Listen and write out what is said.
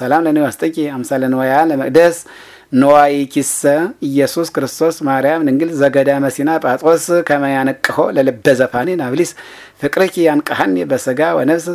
ሰላም ለንዋይ ውስጠኪ አምሳለ ንዋያ ለመቅደስ ንዋይ ኪሰ ኢየሱስ ክርስቶስ ማርያም ንግል ዘገዳመ ሲና ጳጥሮስ ከመ ያነቅሖ ለልበ ዘፋኔ ናብሊስ ፍቅርኪ ያንቀሐኒ በሰጋ ወነፍስ